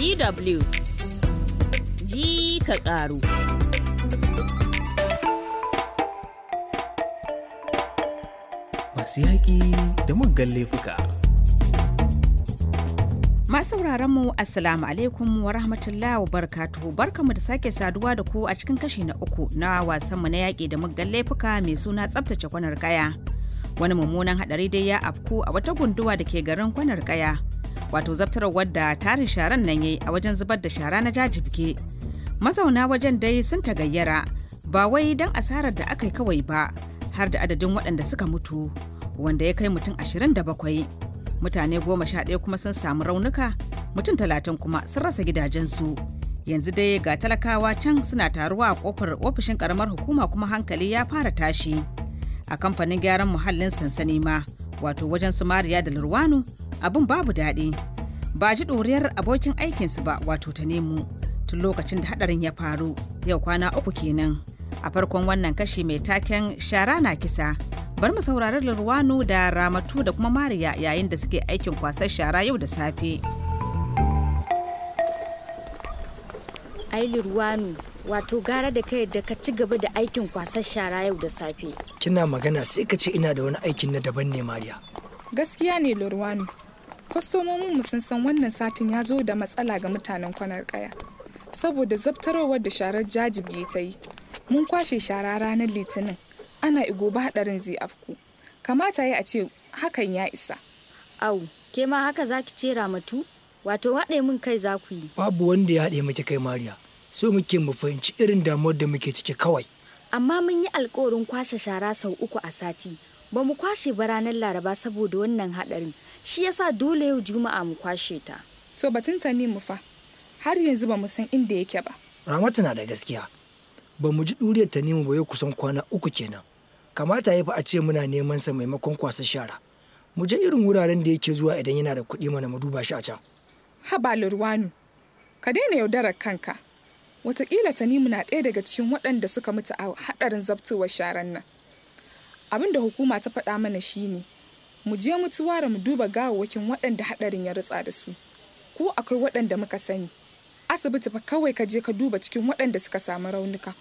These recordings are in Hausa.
DW ji ka ƙaru. Masu yaƙi da muggan laifuka. Masu mu Assalamu alaikum wa rahmatullahi wa barkatuhu barkamu da sake saduwa da ku a cikin kashi na uku na wasanmu na yaƙi da muggan laifuka mai suna tsabtace kwanar kaya. Wani mummunan hadari dai ya afku a wata gunduwa da ke garin kwanar kaya. wato zaftar wadda tarin sharan nan yayi a wajen zubar da shara na jajibge mazauna wajen dai sun tagayyara ba wai don asarar da aka yi kawai ba har da adadin waɗanda suka mutu wanda ya kai mutum 27 mutane goma sha ɗaya kuma sun samu raunuka mutum talatin kuma sun rasa gidajensu yanzu dai ga talakawa can suna taruwa a kofar ofishin karamar hukuma kuma hankali ya fara tashi a kamfanin gyaran muhallin sansani ma wato wajen sumariya da lurwanu abin babu daɗi ba ji ɗoriyar abokin aikinsu ba wato ta nemo tun lokacin da hadarin ya faru yau kwana uku kenan a farkon wannan kashi mai taken shara na kisa bar mu saurari lurwanu da ramatu da kuma mariya yayin da suke aikin kwasar shara yau da safe ai lurwanu wato gara da kai da ka ci gaba da aikin kwasar shara yau da safe kina magana sai ka ce ina da wani aikin na daban ne mariya gaskiya ne lurwanu kwastomomin mu sun san wannan satin ya zo da matsala ga mutanen kwanar kaya saboda zabtarowar da sharar jajibi ta yi mun kwashe shara ranar litinin ana igoba hadarin zai afku kamata ya a ce hakan ya isa au ke ma haka za ki cera matu wato haɗe min kai za ku yi babu wanda ya haɗe miki kai mariya so muke mu fahimci irin damuwar da muke ciki kawai amma mun yi alkawarin kwashe shara sau uku a sati ba mu kwashe ba ranar laraba saboda wannan hadarin shi yasa dole yau juma'a mu kwashe ta to batun ta mu fa har yanzu ba mu san inda yake ba ramatu na da gaskiya ba mu ji duriyar ta ba yau kusan kwana uku kenan kamata ya fi a ce muna neman sa maimakon kwasa shara mu je irin wuraren da yake zuwa idan yana da kuɗi mana mu duba shi a can haba lurwanu ka daina yaudarar kanka watakila tanimu na ɗaya daga cikin waɗanda suka mutu a haɗarin zabtowar sharan nan abin da hukuma ta faɗa mana shine mu je mutuwara mu duba gawawwakin waɗanda haɗarin ya rutsa da su ko akwai waɗanda muka sani asibiti fa kawai ka je ka duba cikin waɗanda suka samu raunuka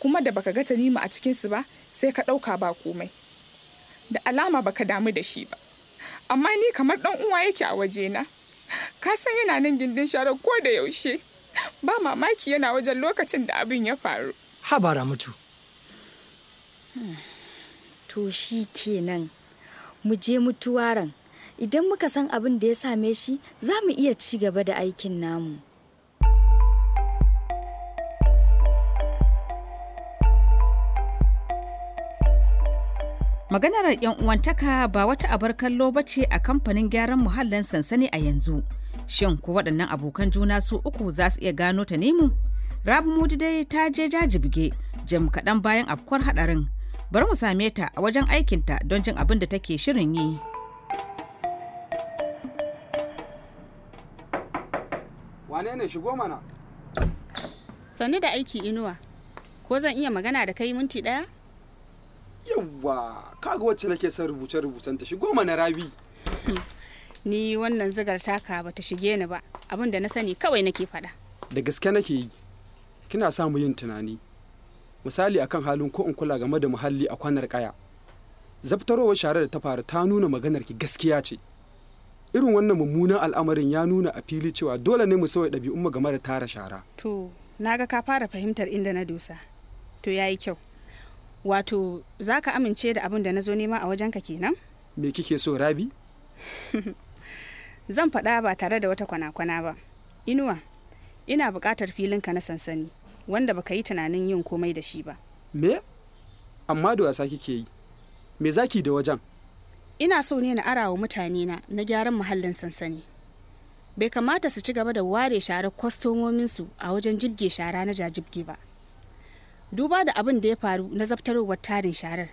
kuma da baka ga ta nima a cikin su ba sai ka ɗauka ba komai da alama baka damu da shi ba amma ni kamar ɗan uwa yake a wajena ka san yana nan gindin sharar ko da yaushe ba mamaki yana wajen lokacin da abin ya faru habara mutu hmm. to shi kenan mu je mutuwaran idan muka san abin da ya same shi za mu iya ci gaba da aikin namu maganar yan uwantaka ba wata abar kallo ba ce a kamfanin gyaran muhallin sansani a yanzu shin ko waɗannan abokan juna su uku za su iya gano ta nemu rabu mudi dai ta je jajibge jam kaɗan bayan afkuwar haɗarin bari mu same ta a wajen aikinta don jin abin da take shirin yi wane ne shigo mana sannu da aiki inuwa ko zan iya magana da kai minti ɗaya? yawwa kaga wacce nake son rubuce-rubucen ta shigo mana rabi ni wannan zigar taka ba ta shige ni ba abin da na sani kawai nake faɗa da gaske nake yi kina samu yin tunani misali akan halin ko in kula game da muhalli a kwanar kaya zaftarowar sharar da ta faru ta nuna maganar ki gaskiya ce irin wannan mummunan al'amarin ya nuna a fili cewa dole ne mu sauya ɗabi'un mu game da tara shara to ga ka fara fahimtar inda na dosa to yayi kyau wato za ka amince da abin da na zo nema a wajenka kenan me kike so rabi zan faɗa ba tare da wata kwana-kwana ba inuwa ina buƙatar filinka na sansani wanda baka yi tunanin yin komai da shi ba me amma da wasa kike yi me zaki da wajen ina so ne na arawa mutane na na gyaran muhallin sansani bai kamata su ci gaba da ware sharar su a wajen jibge shara na jajibge ba duba da abin da ya faru na zaftarowar tarin sharar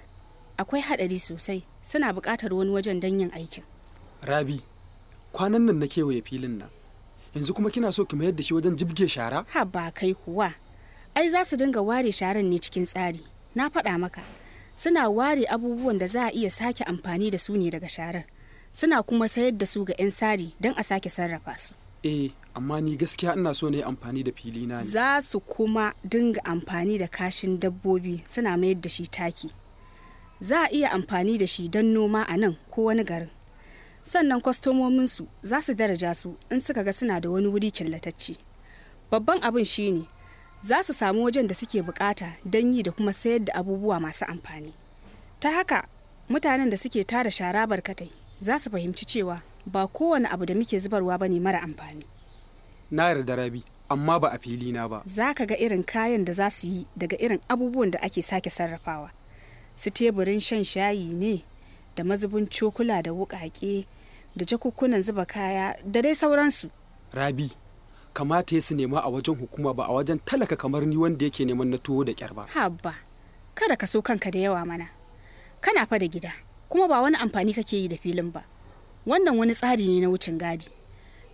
akwai haɗari sosai suna bukatar wani wajen don yin aikin rabi kwanan nan na kewaye filin nan yanzu kuma kina so ki mayar da shi wajen jibge shara ha kai kuwa ai za su dinga ware sharan ne cikin tsari na faɗa maka suna ware abubuwan da za a iya sake amfani da su ne daga sharar suna kuma sayar da su ga 'yan sari don a sake sarrafa su eh amma ni gaskiya ina so na amfani da fili na ne za su kuma dinga amfani da kashin dabbobi suna mayar da shi taki za a iya amfani da shi don noma a nan ko wani garin sannan kwastomominsu za su daraja su in suka ga suna da wani wuri killatacce babban abin shine za su samu wajen da suke bukata don yi da kuma sayar da abubuwa masu amfani ta haka mutanen da suke tara shara barkatai za su fahimci cewa ba kowane abu da muke zubarwa ba ne mara amfani na yarda rabi amma ba a fili na ba za ka ga irin kayan da za su yi daga irin abubuwan da ake sake sarrafawa su teburin shan shayi ne da mazubin cokula da wuƙaƙe da jakukkunan zuba kaya da dai sauransu rabi kamata ya su nema a wajen hukuma ba a wajen talaka kamar ni wanda yake neman na tuwo da kyar ba habba kada ka so kanka da yawa mana kana fa da gida kuma ba wani amfani kake yi da filin ba wannan wani tsari ne na wucin gadi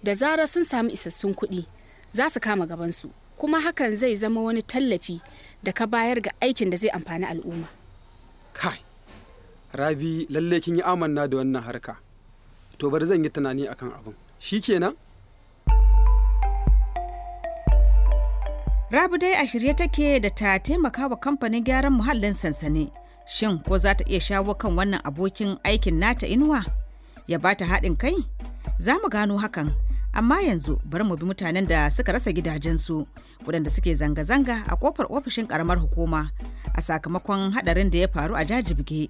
da zarar sun samu isassun kuɗi za su kama gabansu kuma hakan zai zama wani tallafi da ka bayar ga aikin da zai amfani al'umma kai rabi lalle kin yi amanna da wannan harka to bari zan yi tunani akan abin shikenan Rabi dai a shirye take da ta taimaka wa kamfanin gyaran muhallin sansani. Shin ko za ta iya shawo kan wannan abokin aikin nata inuwa? Ya ba ta haɗin kai? Za mu gano hakan, amma yanzu bari mu bi mutanen da suka rasa gidajensu, waɗanda suke zanga-zanga a kofar ofishin ƙaramar hukuma a sakamakon haɗarin da ya faru a jajibge.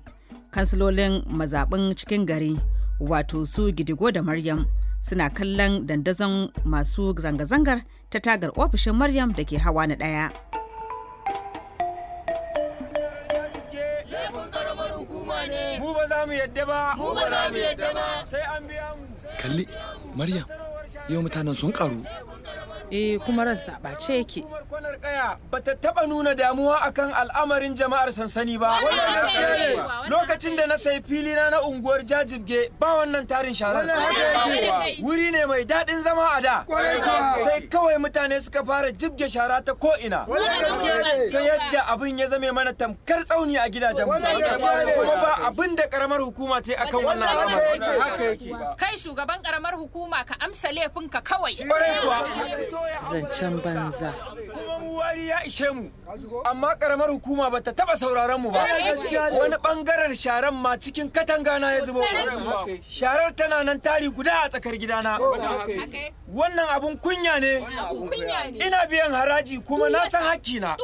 Kansilolin mazaɓin cikin gari, wato su Gidigo da Maryam, suna kallon dandazon masu zanga-zangar ta tagar ofishin Maryam da ke hawa na ɗaya. Kalli, Maryam, yau mutanen sun karu. Eh kuma ransa ɓace yake. Raya ba ta taɓa nuna damuwa akan al'amarin jama'ar sansani ba. Lokacin da na sayi filina na unguwar Jajibge ba wannan tarin sharar. Wuri ne mai daɗin zama a da. Sai kawai mutane suka fara jibge shara ta ko'ina. Ta yadda abin ya zame mana tamkar tsauni a gidajen Kuma ba abin da karamar hukuma ta yi akan wannan alamar. Kai shugaban karamar hukuma ka amsa laifinka kawai. Zancen banza. wari ya ishe mu amma karamar hukuma ba ta taba sauraron mu ba eh, wani bangaren sharan ma cikin katanga na ya zubo sharar tana nan tari guda a tsakar gidana wannan abun kunya ne ina biyan haraji kuma na san hakki na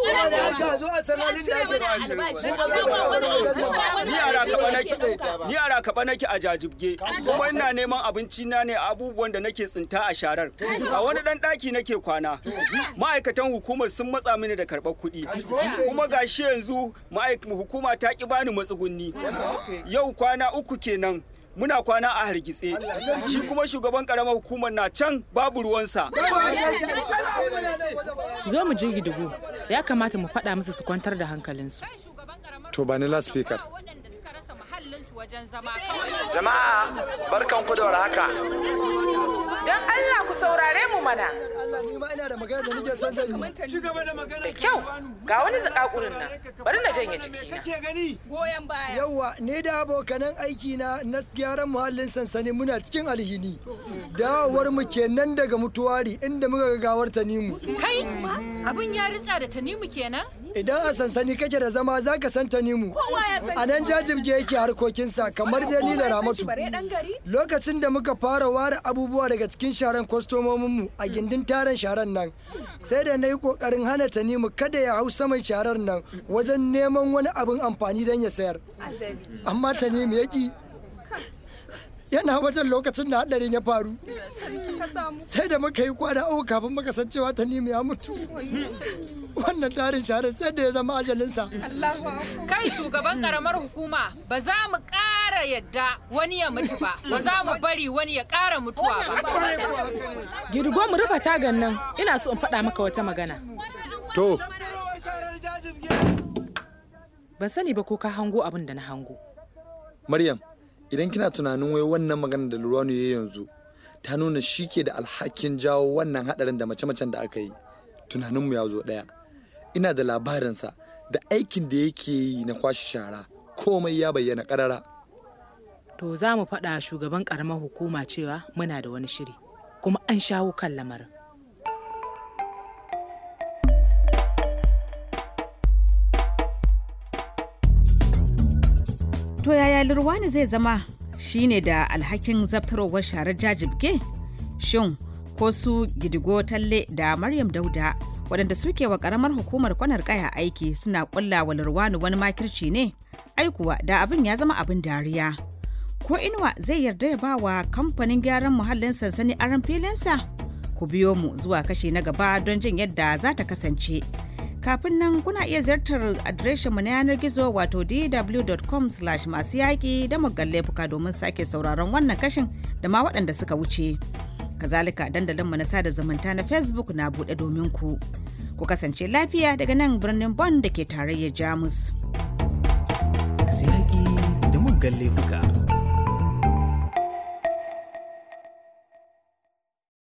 ni a rakaba nake a jajibge kuma ina neman abinci na ne abubuwan da nake tsinta a sharar a wani dan daki nake kwana ma'aikatan hukumar sun matsa mini da karɓar kuɗi kuma gashi yanzu hukuma ta ki bani matsugunni yau kwana uku kenan muna kwana a hargitse shi kuma shugaban karamar hukumar na can babu ruwansa zo mu je gidugu ya kamata mu faɗa musu su kwantar da hankalinsu to ba ni last speaker jama'a barkan ku da haka Don Allah ku saurare mu mana. ina da magana da nake sansani. da kyau. Ga wani zakakurin nan. Bari na janye jiki. Yawwa, ne da abokanan aiki na na gyaran muhallin sansani muna cikin alhini. Dawowar mu kenan daga mutuwari inda muka ga gawar Tanimu. Kai? Abin ya ritsa da Tanimu kenan? Idan a sansani kake da zama za ka san Tanimu. A nan jajibge yake harkokinsa kamar da ni da Ramatu. Lokacin da muka fara ware abubuwa daga cikin sharan kwastomominmu a gindin taron sharan nan, sai da na yi ƙoƙarin hana Tanimu kada ya hau saman sharar nan wajen neman wani abin amfani don ya sayar. Amma Tanimu ya ki yana wajen lokacin da hadarin ya faru sai da muka yi kwana uku kafin muka san cewa nemi ya mutu wannan tarin sharar sai da ya zama ajalinsa kai shugaban karamar hukuma ba za mu ƙara yadda wani ya mutu ba ba za mu bari wani ya ƙara mutuwa ba girgo mu rufa tagan nan ina so in faɗa maka wata magana to ban sani ba ko ka hango abin da na hango maryam idan kina tunanin wai wannan magana da Lurano ya yanzu ta nuna shi ke da alhakin jawo wannan hadarin da mace-macen da aka yi tunaninmu ya zo daya ina da labarinsa da aikin da yake yi na kwashe shara komai ya bayyana karara. to za mu faɗa shugaban ƙaramar hukuma cewa muna da wani shiri kuma an shawo kan lamarin To yaya Lirwani zai zama shine da alhakin zabtarowar sharar jajibge? Shin ko su gidigo talle da Maryam Dauda waɗanda suke wa ƙaramar hukumar kwanar ƙaya aiki suna ƙulla wa Lirwani wani makirci ne? aikuwa da abin ya zama abin dariya. Ko Inuwa zai yarda ya ba wa kamfanin gyaran muhallin sansani aron filinsa? Ku biyo mu zuwa kashe na gaba don jin yadda za ta kasance. Kafin nan kuna iya ziyartar adireshinmu na yanar gizo wato dw.com masu yaƙi da muggan fuka domin sake sauraron wannan kashin da ma waɗanda suka wuce. Kazalika dandalinmu na sada zumunta na Facebook na buɗe domin ku. Ku kasance lafiya daga nan birnin Bonn da ke tarayyar Jamus. Masu yaƙi da